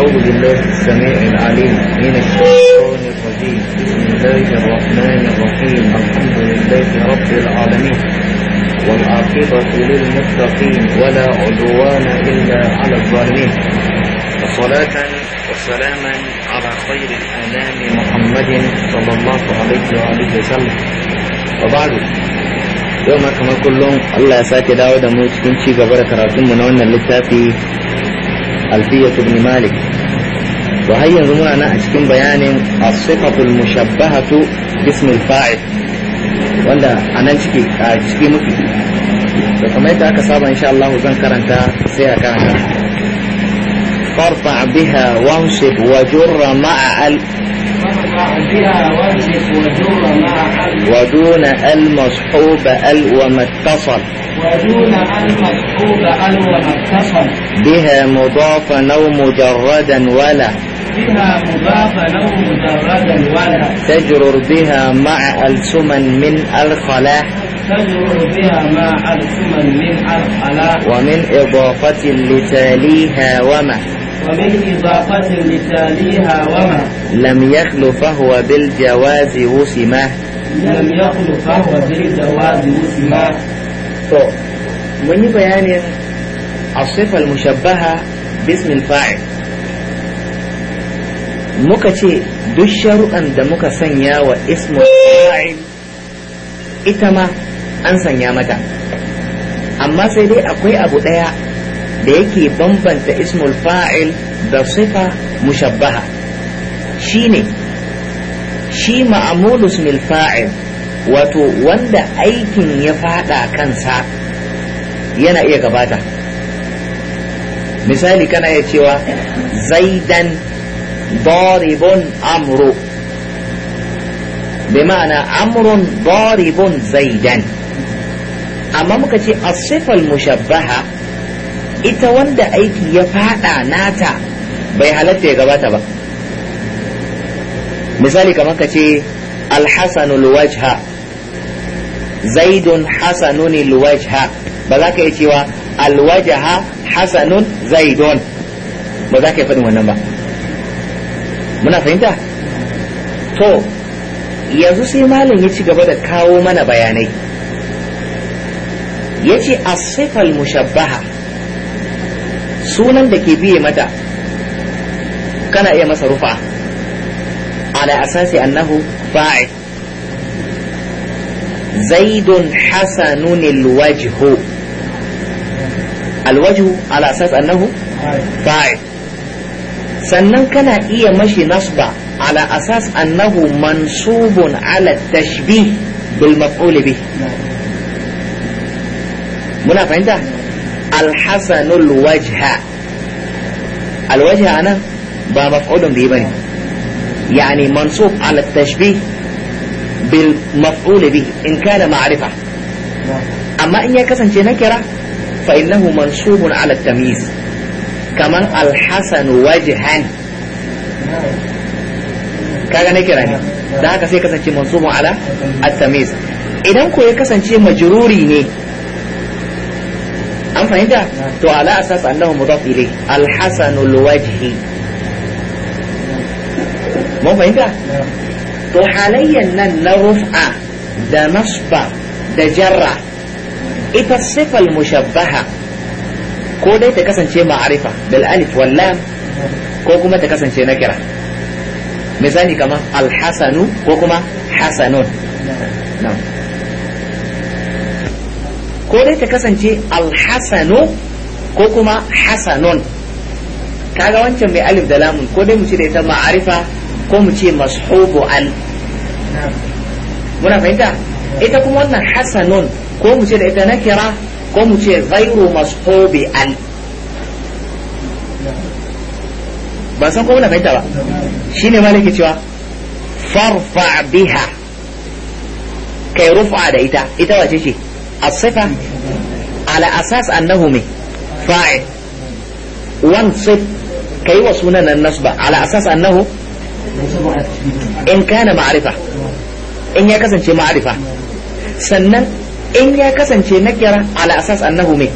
أعوذ بالله السميع العليم من الشيطان الرجيم بسم الله الرحمن الرحيم الحمد لله رب العالمين والعاقبة للمتقين ولا عدوان إلا على الظالمين وصلاة وسلاما على خير الأنام محمد صلى الله عليه وآله وسلم وبعد يوم كما كلهم الله ساكي دعوة موت كنشي قبرة راتم من wannan littafi ألفية بن مالك وهي زمنا نحكم بيان الصفة المشبهة باسم الفاعل وأنا أنا أشكي أشكي مكي فما يتعك إن شاء الله زنكر أنت سيئك أنت فارفع بها وانشب وجر مع ال... فارفع بها وانشب وجر ودون المصحوب ال وما اتصل ودون المصحوب ال وما اتصل بها مضافا او مجردا ولا بها مضافا او مجردا ولا تجرر بها مع السما من الخلاء تجرر بها مع السما من الخلاء ومن اضافه لتاليها وما ومن إضافة لتاليها وما لم يخل فهو بالجواز وسمه lam yakhlu fahuwa bil jawaz musma to mun yi bayanin as al-mushabbaha bismi al-fa'il muka ce duk sharuɗan da muka sanya wa ismul fa'il ita ma an sanya mata amma sai dai akwai abu ɗaya da yake bambanta ismul fa'il da sifa mushabbaha shine shi ma'amulus lil fa'il wato wanda aikin ya fada kansa yana iya gabata misali kana ya cewa zaidan daribun amru bi ma'ana amrun daribun zaidan amma muka ce asifal mushabbaha ita wanda aiki ya fada nata bai halatta ya gabata ba misali kamar ka ce alhassanul wajha zaidun hasanun alwajha ba za ka yi cewa alwajaha hasanun zaidun ba za ka yi faɗin wannan ba muna fahimta to yanzu sai malam ya ci gaba da kawo mana bayanai ya ce asifal mushabbaha sunan da ke biye mata kana iya masa rufa على أساس أنه فاعل زيد حسن الوجه الوجه على أساس أنه فاعل sannan kana iya mashi nasba ala asas annahu mansubun ala tashbih bil maf'ul bih muna fahimta alhasanul wajha alwajha anan ba maf'ulun bihi bane يعني منصوب على التشبيه بالمفعول به إن كان معرفة أما إن يكسن نكرة فإنه منصوب على التمييز كما الحسن وجها kaga na ne da haka sai kasance mansubu ala at-tamiz idan ko ya kasance majruri ne an fahimta to ala asas annahu mudaf ilayh al-hasan al-wajhi mun fahimta to halayyan nan na rufa da nasba da jarra ita sifal mushabbaha ko dai ta kasance ma'arifa bil alif wal lam ko kuma ta kasance nakira misali kama alhasanu ko kuma hasanun ko dai ta kasance alhasanu ko kuma hasanun kaga wancan mai alif da lamun ko dai mu ce da ita ma'arifa ko mu ce mashubu an muna fahimta ita kuma wannan hasanun ko mu ce da ita nakira ko mu ce ghairu mashubi an ba san ko muna fahimta ba shine malaki cewa farfa biha kai rufa da ita ita wace ce asifa. ala asas annahu me fa'il wansif kai wa sunan nasba ala asas annahu in kana ma'arifa in ya kasance ma'arifa sannan in ya kasance na kira ala asas annahu mai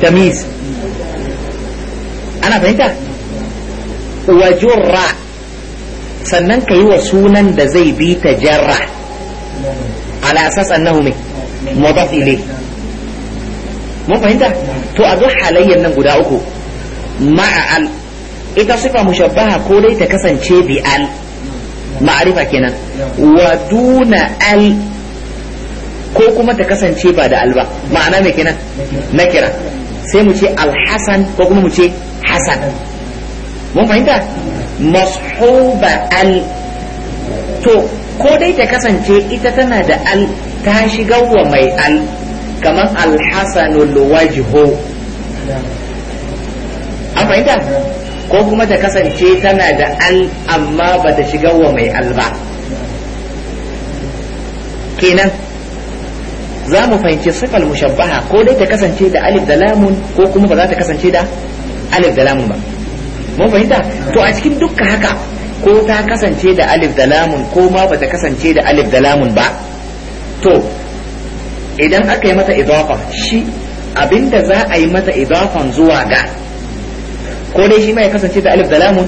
tamiz ana fahimta wa jurra sannan ka yi wa sunan da zai bi ta jarra ala asas annahu mai mudaf ilay mun fahimta to a duk halayyar nan guda uku ma'a ita sifa mushabbaha ko dai ta kasance bi al ma'arifa kenan wa duna al ko kuma ta kasance ba da al ba ma'ana me kenan na kira sai mu ce hasan ko kuma mu ce hasan mun fahimta mashuba al to ko dai ta kasance ita tana da al ta shiga wa mai al kamar hasanul wajhu an fahimta ko kuma ta kasance tana da al amma ba ta shiga wa mai alba. kenan za mu fahimci sifar mushabbaha ko dai ta kasance da alif da lamun ko kuma ba za ta kasance da alif da lamun ba mun fahimta to a cikin dukkan haka ko ta kasance da alif da lamun ko ma ba ta kasance da alif da lamun ba to idan aka yi mata idafa shi abinda za a yi mata idafan zuwa ga ko dai shi ma ya kasance da alif da lamun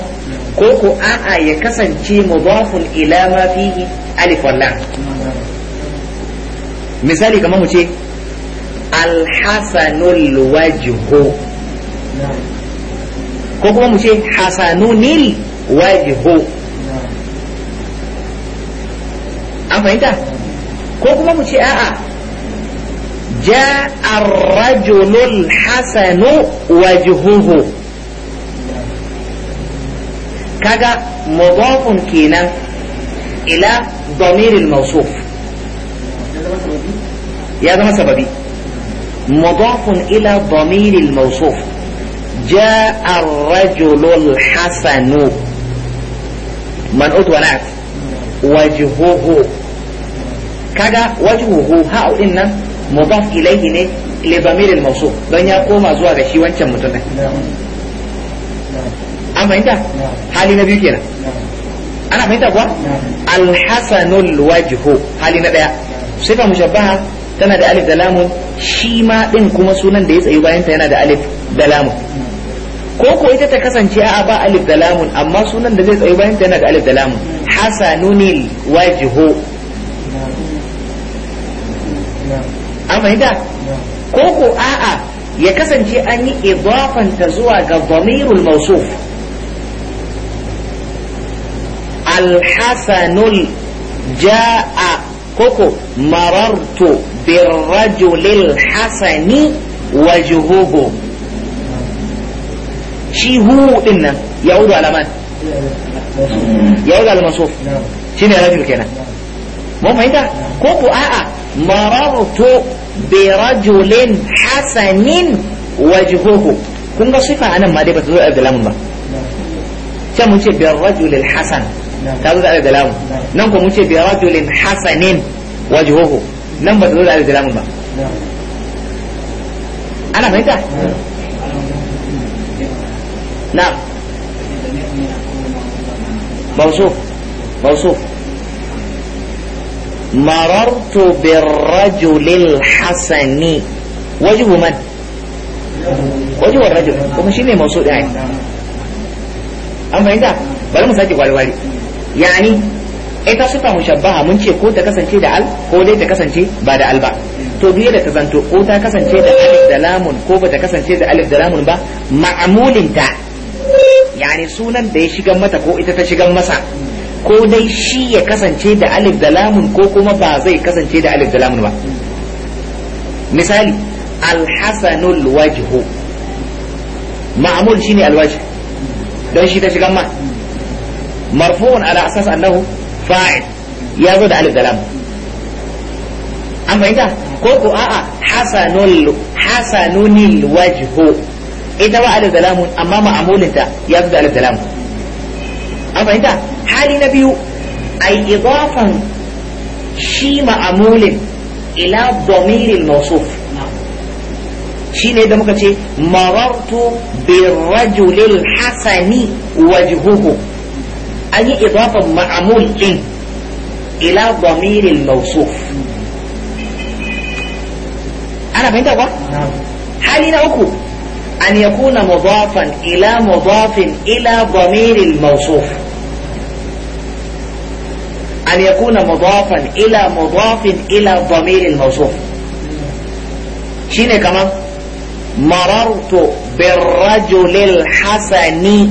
ko ko a'a ya kasance mudafun ila ma fihi alif wa lam misali kamar mu ce alhasanul wajhu ko kuma mu ce hasanunil wajhu an fahimta ko kuma mu ce a'a ja الرجل hasanu wajhuhu kaga mudafun kenan ila damiril mawsuf ya zama sababi mudafun ila damiril mawsuf جاء الرجل الحسن من أوت ونعت وجهه كذا وجهه هاو إن مضاف إليه لضمير الموصوف دنيا قوم أزواج شي وانشا متنه an fahimta hali na biyu kenan ana fahimta kuwa alhasanul wajhu hali na daya sifa mushabbaha tana da alif da lamun shi ma din kuma sunan da ya tsayi bayan ta yana da alif da lamun ko ko ita ta kasance a ba alif da lamun amma sunan da zai tsayi bayan ta yana da alif da lamun hasanunil wajhu an fahimta ko ko a'a ya kasance an yi idafanta zuwa ga dhamirul mawsuf alhasanul ja'a koko marartu birrajulil hasani wajhuhu shi hu din nan ya wudu alaman ya wudu almasuf shine rajul kenan mun fahimta ko ku a'a marartu birajulin hasanin wajhuhu kun ga sifa anan ma dai ba ta zo da lamun ba sai mun ce birrajulil hasan ta zo da alif da nan ko mu ce bi rajulin hasanin wajhuhu nan ba zo da alif da ba ana fahimta na موصوف موصوف مررت بالرجل الحسن وجه من وجه الرجل ومشيني موصوف يعني أما فهمت بل مساجي والي yani ita sifa mushabbaha mun ce ko ta kasance da al ko dai ta kasance ba da al ba to duk da ta zanto ko ta kasance da alif da lamun ko ba ta kasance da alif da lamun ba ma'amulin ta yani sunan da ya shigan mata ko ita ta shigan masa ko dai shi ya kasance da alif da lamun ko kuma ba zai kasance da alif da lamun ba misali alhasanul wajhu ma'amul shine alwajh don shi ta shigan ma marfu'un ala asas annahu fa'il ya zo da alif da an fahimta ko a'a hasanul hasanunil ita ba alif da amma ma'amulinta ya zo da alif da an fahimta hali na biyu ai idafan shi ma'amulin ila shi ne da muka ce marartu birrajulil hasani wajhuhu an yi idafan ma'amul din ila damirin mausuf ana fahimta ba hali na uku an yakuna mudafan ila mudafin ila damirin mausuf أن يكون مضافا إلى مضاف إلى ضمير الموصوف شين كمان مررت بالرجل الحسن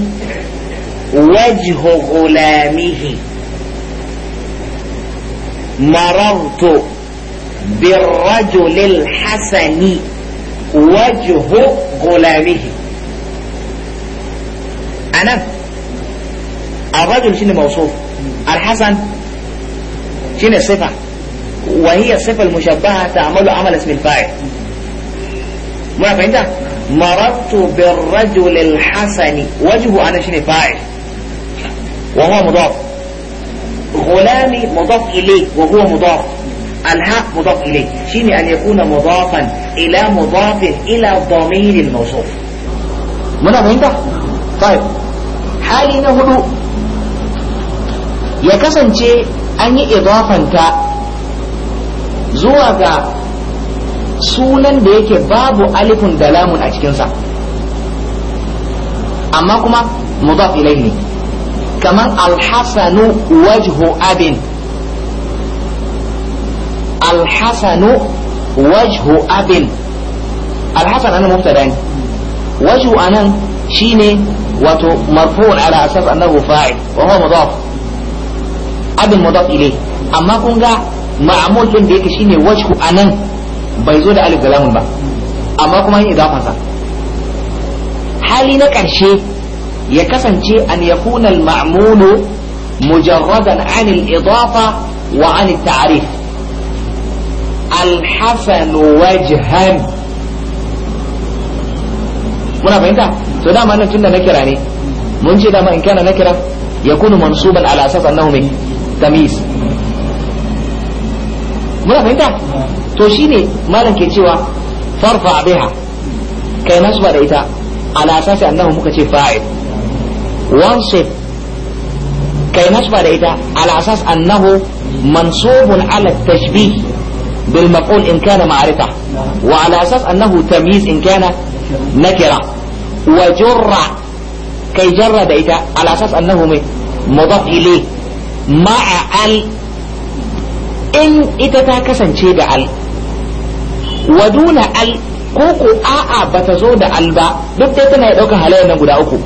وجه غلامه مررت بالرجل الحسن وجه غلامه أنا الرجل شنو موصوف الحسن شنو الصفة وهي الصفة المشبهة تعمل عمل اسم الفاعل ما فهمت مررت بالرجل الحسن وجهه أنا شنو فاعل وهو مضاف غلامي مضاف إليه وهو مضاف الحق مضاف إليه شيني أن يكون مضافا إلى مضاف إلى ضمير الموصوف منا فهمت؟ طيب حالي نهدو ya kasance an yi idafanta zuwa ga sunan da yake babu alifun da lamun a cikinsa amma kuma mudaf ilaihi ne kamar alhassanu wajhu abin alhassanu wajhu abin alhassan ana mubtada ne wajhu anan shine wato marfu'un ala asas annahu fa'il wa huwa mudaf abin mudaf ilay amma kun ga ma'amul din da yake shine wajhu anan bai zo da alif da lamun ba amma kuma yin sa hali na ƙarshe ya kasance an yakuna al-ma'mulu mujarradan an al-idafa wa an al-ta'rif al-hasan wajhan muna fahimta to dama nan tunda na kira ne mun ce dama in kana na kira yakunu mansuban ala asas annahu min tamyiz muna fahimta to shine malam ke cewa farfa biha kai nasba da ita ala asasi annahu muka ce fa'il wansib kai nasba da ita ala asas annahu mansubun ala tashbih bil maqul in kana ma'rifa wa ala asas annahu tamyiz in kana nakira wa jurra kai jarra da ita ala asas annahu mai mudaf ilay ma'a al in ita ta kasance da al wa duna al ko ko a'a bata zo da al ba duk dai tana ɗaukar halayen nan guda uku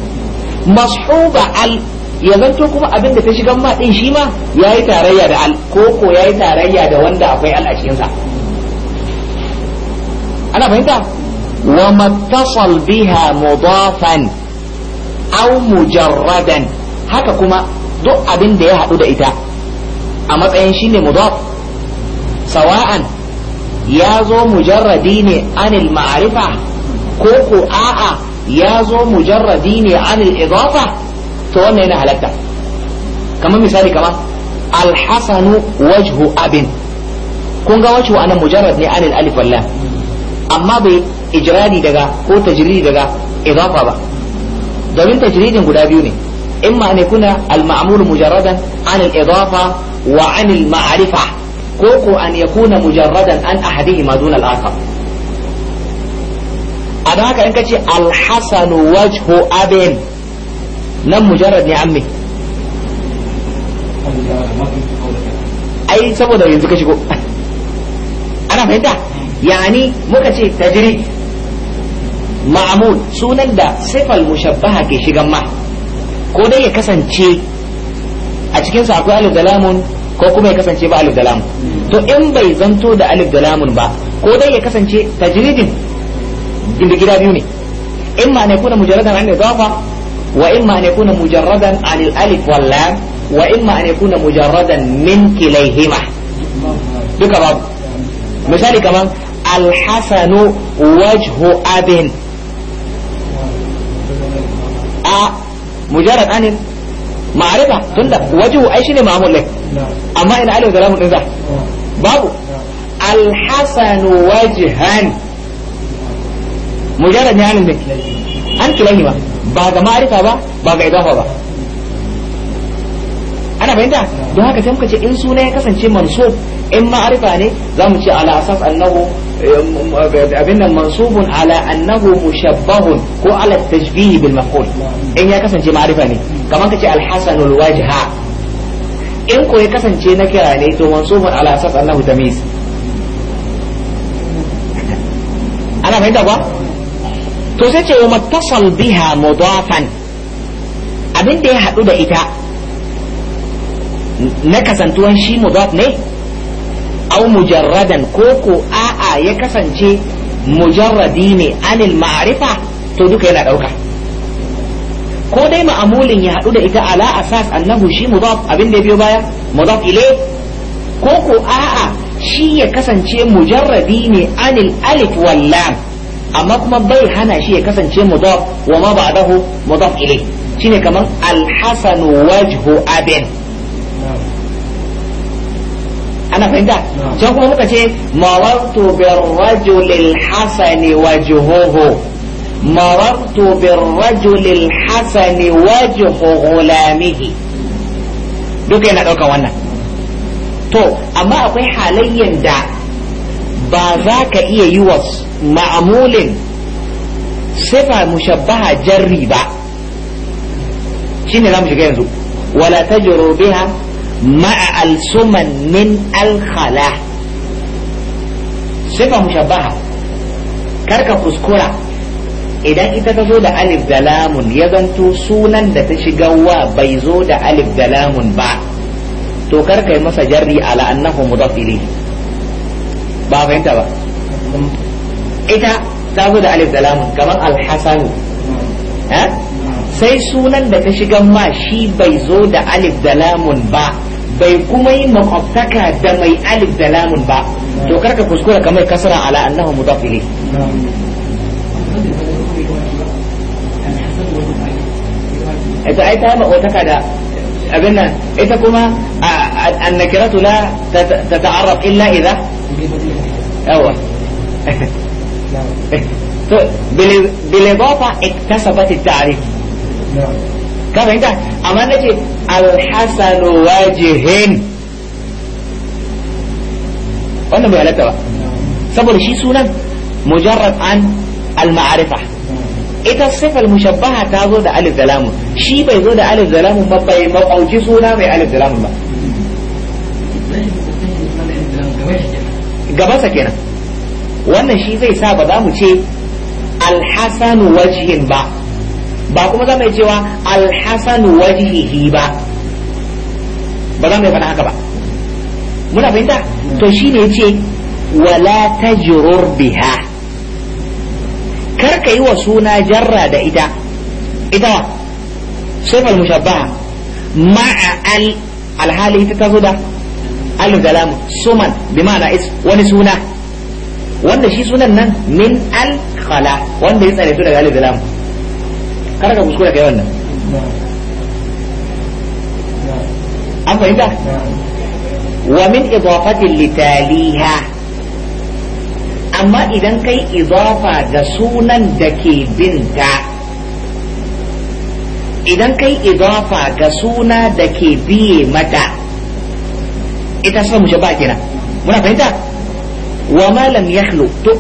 mashuba al ya zanto kuma abin da ta shiga ma din shi ma yayi tarayya da al ko ko yayi tarayya da wanda akwai al a cikin sa ana fahimta wa mattasal biha mudafan aw mujarradan haka kuma duk abin da ya hadu da ita a matsayin shine mudaf sawa'an ya zo mujarradi ne anil ma'arifa ko ko a'a ya zo mujarradi ne an al-idafa to wannan yana halatta kamar misali kamar AlHassanu wajhu abin kun ga wajhu ana mujarrad ne an alif lam amma bai ijradi daga ko tajridi daga idafa ba domin tajridin guda biyu ne imma ne kuna al-ma'mul mujarradan an al-idafa wa an al-ma'rifa ko ko an yakuna mujarradan an ahadihima dun al-akhar a haka in ka ce alhassanu wajhu abin nan mujarrad ne amme ai saboda yanzu ka shigo ana fahimta yani muka ce tajri ma'amul sunan da sifal mushabbaha ke shigan ma ko dai ya kasance a cikinsa akwai alif da lamun ko kuma ya kasance ba alif da lamun to in bai zanto da alif da lamun ba ko dai ya kasance tajridin inda gida biyu ne imma ne kuna mujarradan an idafa wa imma an yakuna mujarradan an alif wal lam wa imma an yakuna mujarradan min kilayhima duka babu misali kaman alhasanu wajhu abin a mujarrad anin ma'arifa tunda wajhu ai shine ma'mul lak amma ina alif da lamun din za babu alhasanu wajhan mujarrad ne anan ne an kilahi ba ba ga ma'arifa ba ba ga idafa ba ana fahimta don haka sai muka ce in suna ya kasance mansub in ma'arifa ne za mu ce ala asas annahu abin nan mansubun ala annahu mushabbahun ko ala tashbihi bil maf'ul in ya kasance ma'arifa ne kamar kace alhasanul wajha in ko ya kasance na kira ne to mansubun ala asas annahu tamiz ana fahimta ba to sai ce wa mattasal biha mudafan abin da ya haɗu da ita na kasantuwan shi mudaf ne au mujarradan ko ko a'a ya kasance mujarradi ne anil ma'arifa to duka yana ɗauka ko dai ma'amulin ya haɗu da ita ala asas annahu shi mudaf abin da biyo baya mudaf ile ko ko a'a shi ya kasance mujarradi ne anil alif wal lam amma kuma bai hana shi ya kasance mudaf wa ma ba'dahu mudaf ilayh shine kaman al-hasan wajhu abin ana fahimta can kuma muka ce marartu birrajul al-hasan wajhuhu marartu birrajul al-hasan wajhu gulamihi duka yana daukan wannan to amma akwai halayyan da ba za ka iya yi wa ma'amulin sifa mushabbaha jarri ba shine za mu shiga yanzu wala ta biha ma'a al-suman min al sifa mushabbaha karka kuskura idan ita ta zo da alif da lamun ya zanto sunan da ta shiga wa bai zo da alif da lamun ba to karka yi masa jarri ala annahu mudaf ilayhi ba fahimta ba ita ta zo da alif da lamun kamar alhasanu sai sunan da ta shiga ma shi bai zo da alif da lamun ba bai kuma yi makwabtaka da mai alif da lamun ba to karka kuskura kamar kasara ala annahu mudaf ilayh ita ai ta makwabtaka da abin nan ita kuma annakiratu la tata'arraf illa idha yawa to bilibafa iktasabat at-ta'rif ka fahimta amma nace al-hasan wajihin wannan bai halatta ba saboda shi sunan mujarrad an al-ma'rifa ita sifar mushabbaha ta zo da alif da lamun shi bai zo da alif da lamun ba bai makauci suna mai alif da lamun ba gabansa kenan wannan shi zai sa ba za mu ce alhasanu wajihin ba ba kuma za mu yi cewa alhasanu wajihihi ba ba za mu yi faɗa haka ba muna fahimta to shi ne ce wala tajrur biha kar ka yi wa suna jarra da ita ita sifar mushabbaha ma'a al alhali ita ta zo da al-galamu suman bi ma'ana is wani suna wanda shi sunan nan min al-khala wanda ya tsare su daga al-galamu kada ka kuskura kai wannan an fahimta wa min idafatin litaliha amma idan kai idafa da sunan da ke binta idan kai idafa ga suna da ke biye mata ita sifar ba kenan muna fahimta wa malam lam yakhlu to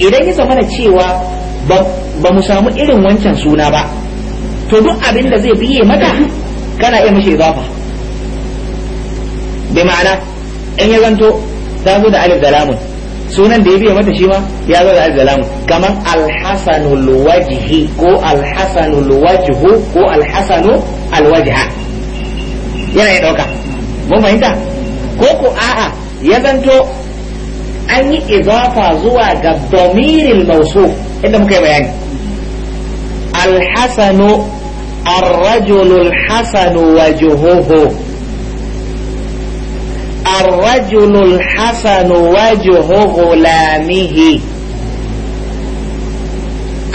idan ya zamana cewa ba mu samu irin wancan suna ba to duk abin da zai biye mata kana iya mashi idafa bai ma'ana in ya zanto ta zo da alif da sunan da ya biya mata shi ma ya zo da alif da lamun kamar alhasanul wajhi ko alhasanul wajhu ko alhasanu alwajha yana ya dauka mun fahimta ko ku a'a ya zanto an yi izafa zuwa ga domirin mausu inda muka yi bayani alhassanu arrajulul hassanu wajuhuhu arrajulul hassanu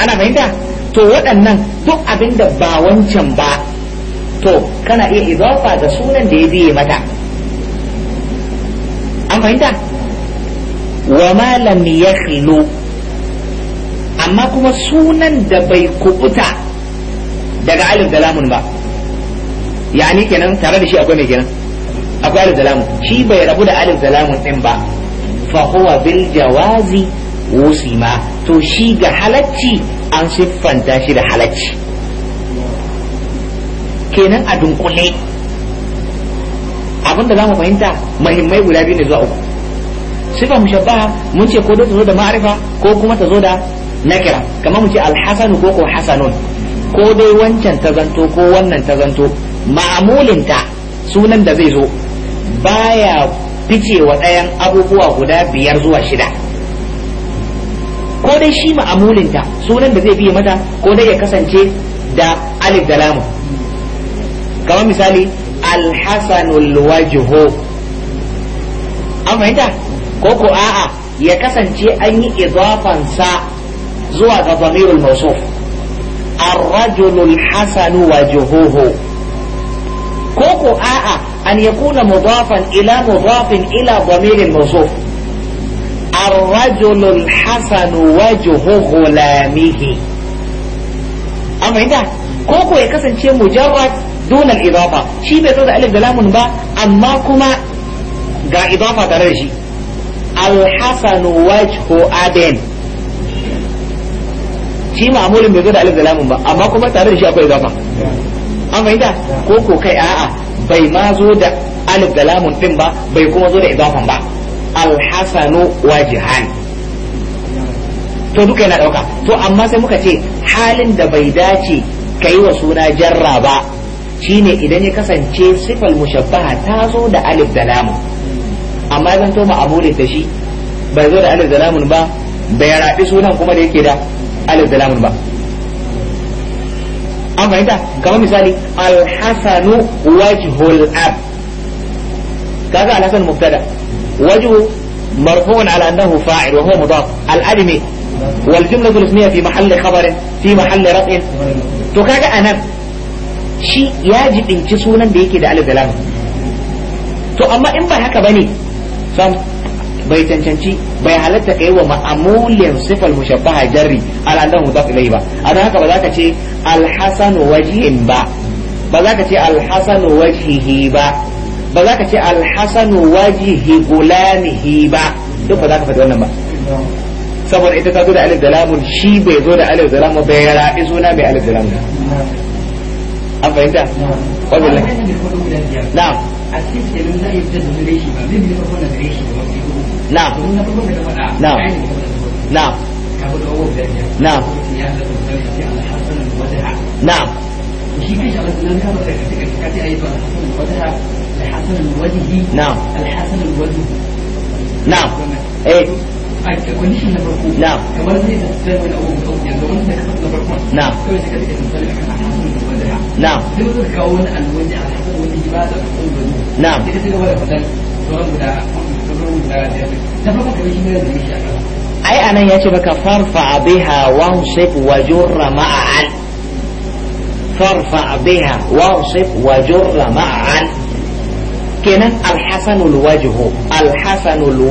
ana fahimta to waɗannan duk abinda ba wancan ba to kana iya izafa da sunan da ya biye mata fahimta wa ma lam yakhlu amma kuma sunan da bai kubuta daga alif da lamun ba yani kenan tare da shi akwai mai kenan akwai alif da lamun shi bai rabu da alif da lamun din ba fa huwa bil jawazi wusima to shi ga halacci an siffanta shi da halacci kenan a dunkule abin da zamu fahimta muhimmai guda biyu ne zuwa uku sifa mushabbaha mun ce ko ta zo da ma'arifa ko kuma ta zo da nakira kamar mu ce alhasanu ko ko hasanun ko dai wancan ta zanto ko wannan ta zanto ma'amulinta sunan da zai zo baya ficewa ɗayan abubuwa guda biyar zuwa shida ko dai shi ma'amulinta sunan da zai biye mata ko dai ya kasance da alif da lamu kamar misali alhasanul wajho an fahimta ko ko a'a ya kasance an yi idafansa zuwa ga damirul mawsuf ar hasanu wajhuhu ko ko a'a an yakuna mudafan ila mudafin ila damiril mawsuf الرجل الحسن وجه غلامه أما هنا كوكو يكسن شيء مجرد دون الإضافة شي بيتو ده ألف دلام با أما كما جا إضافة ترجي الحسن وجه أدن shi ma'amulin bai zo da alif da lamun ba amma kuma tare da shi akwai idafa an fahimta ko ko kai a'a bai ma zo da alif da lamun din ba bai kuma zo da idafan ba to duka yana dauka to amma sai muka ce halin da bai dace kai wa suna jarra ba shine idan ya kasance sifal mushabbaha ta zo da alif da lamun amma idan to ma abule da shi bai zo da alif da lamun ba bai raɗi sunan kuma da yake da alif da lamun ba an fahimta kamar misali alhasanu wajhul ab kaga alhasan mubtada wajhu مرفوع على أنه فاعل وهو مضاف الأدمي والجملة الاسمية في محل خبر في محل رفع تكاد أنا shi ya jibinci sunan da yake da alif to amma in ba haka bane sam bai cancanci bai halatta kai wa ma'amulin sifal mushabbaha jarri ala annahu mudaf ilayhi ba ana haka ba za ka ce alhasanu wajhin ba ba za ka ce alhasanu wajhihi ba ba za ka ce alhasanu wajhi gulamihi ba duk ba za ka faɗi wannan ba saboda ita ta zo da alif da lamun shi bai zo da alif da lamun bai raɗi suna bai alif da lamun an fahimta wajen nan na na na na na na نعم نعم ايه نعم نعم na'am duk suka kawo wani alwani a cikin wani ba da ungulu na'am sai suka bada fatan sauran guda sauran guda da farko kamar shi ne da shi a kan ai anan ya ce maka farfa biha wansib wa jurra ma'an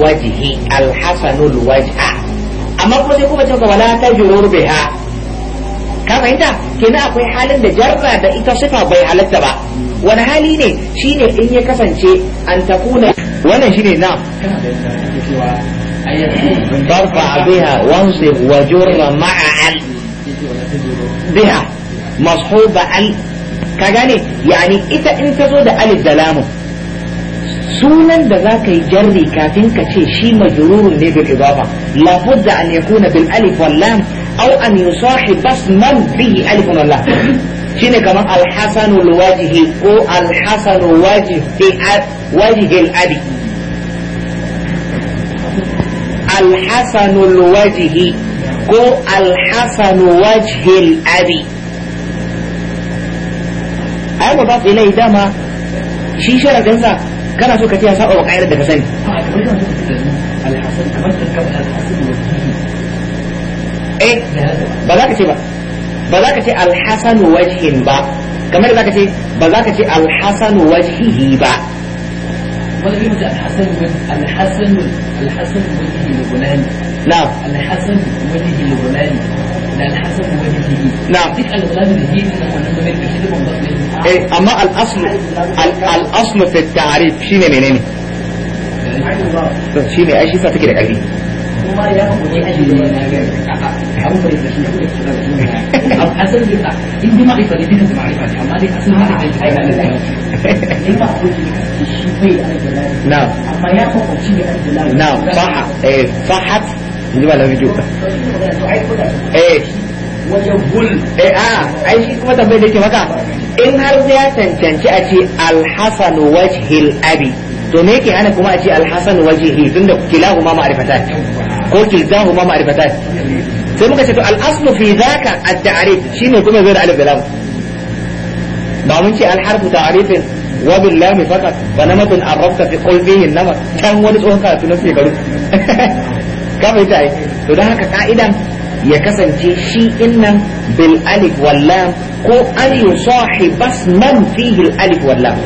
wajhi alhasanul wajha amma kuma sai kuma ce ka fahimta kina akwai halin da jarra da ita suka bai halarta ba wani hali ne shine in ya kasance an tafuna wannan shine na barfa biha wansi wa jurra ma'a al biha mashuba al ka gane yani ita in ta zo da alif da sunan da za ka yi jarri kafin ka ce shi majururun ne bil idafa la budda an yakuna bil alif au an yusahib basman bihi alifun wallah shine kamar alhasanul wajhi ko alhasanul wajhi wajhi al-abi alhasanul wajhi ko alhasanul wajhi al-abi ai ba ba dama shi sharadin sa kana so ka tiya saba wa ka'idar ne ba za ka ce ba ba za ka ce alhasan wajhin ba kamar da za ka ce ba za ka ce alhasan wajhihi ba ولا بيمتى الحسن الحسن الحسن وجهه لبنان نعم الحسن وجهه لبنان لا الحسن وجهه نعم ديك الغلاني دي ايه اما الاصل الاصل في التعريف شنو منين؟ شنو ايش يفتكر قلبي؟ kuma ya kuma ne aji da wannan gari a abu bai da shi da shi da shi asalin duka in ji ma'aifa ne duka da ma'aifa ne amma dai asalin da aiki ai da lafiya ne ba ko ji shi bai da aiki lafiya na amma ya kuma eh, shi da aiki lafiya na eh fahat in eh wajen eh, a ai shi in har ya cancanci a ce wajhil abi to me yake hana kuma a ce alhasan wajihi tunda kilahuma ma'rifatan ko kilzahuma ma'rifatan sai muka ce to al-aslu fi dhaka at-ta'rif shine kuma zai da alif da lam ba mun ce al-harfu ta'rifin wa bil lam faqat wa namatun arrafta fi qalbihi nama kan wani tsohon karatu na shekaru ka bai ta to dan haka ka'idan ya kasance shi innan bil alif wal lam ko an yusahibas man fihi al alif wal lam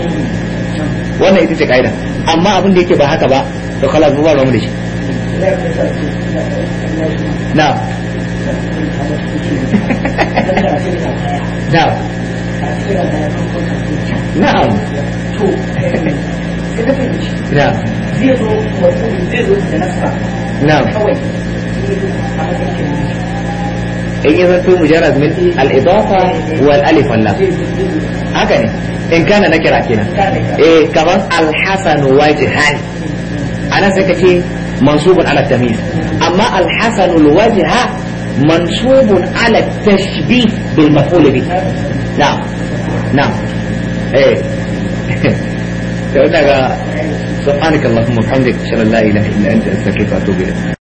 wannan ita ce ka'ida amma abin da yake ba haka ba to kala zuwa ba mu da shi نعم نعم نعم نعم نعم إذا تو مجرد من الإضافة والألف واللام هكذا إن كان نكرة كنا إيه كمان الحسن وجهان أنا سكتي منصوب على التمييز أما الحسن الوجه منصوب على التشبيه بالمفعول به نعم نعم ايه سبحانك اللهم وبحمدك اشهد ان لا اله الا انت استغفرك واتوب اليك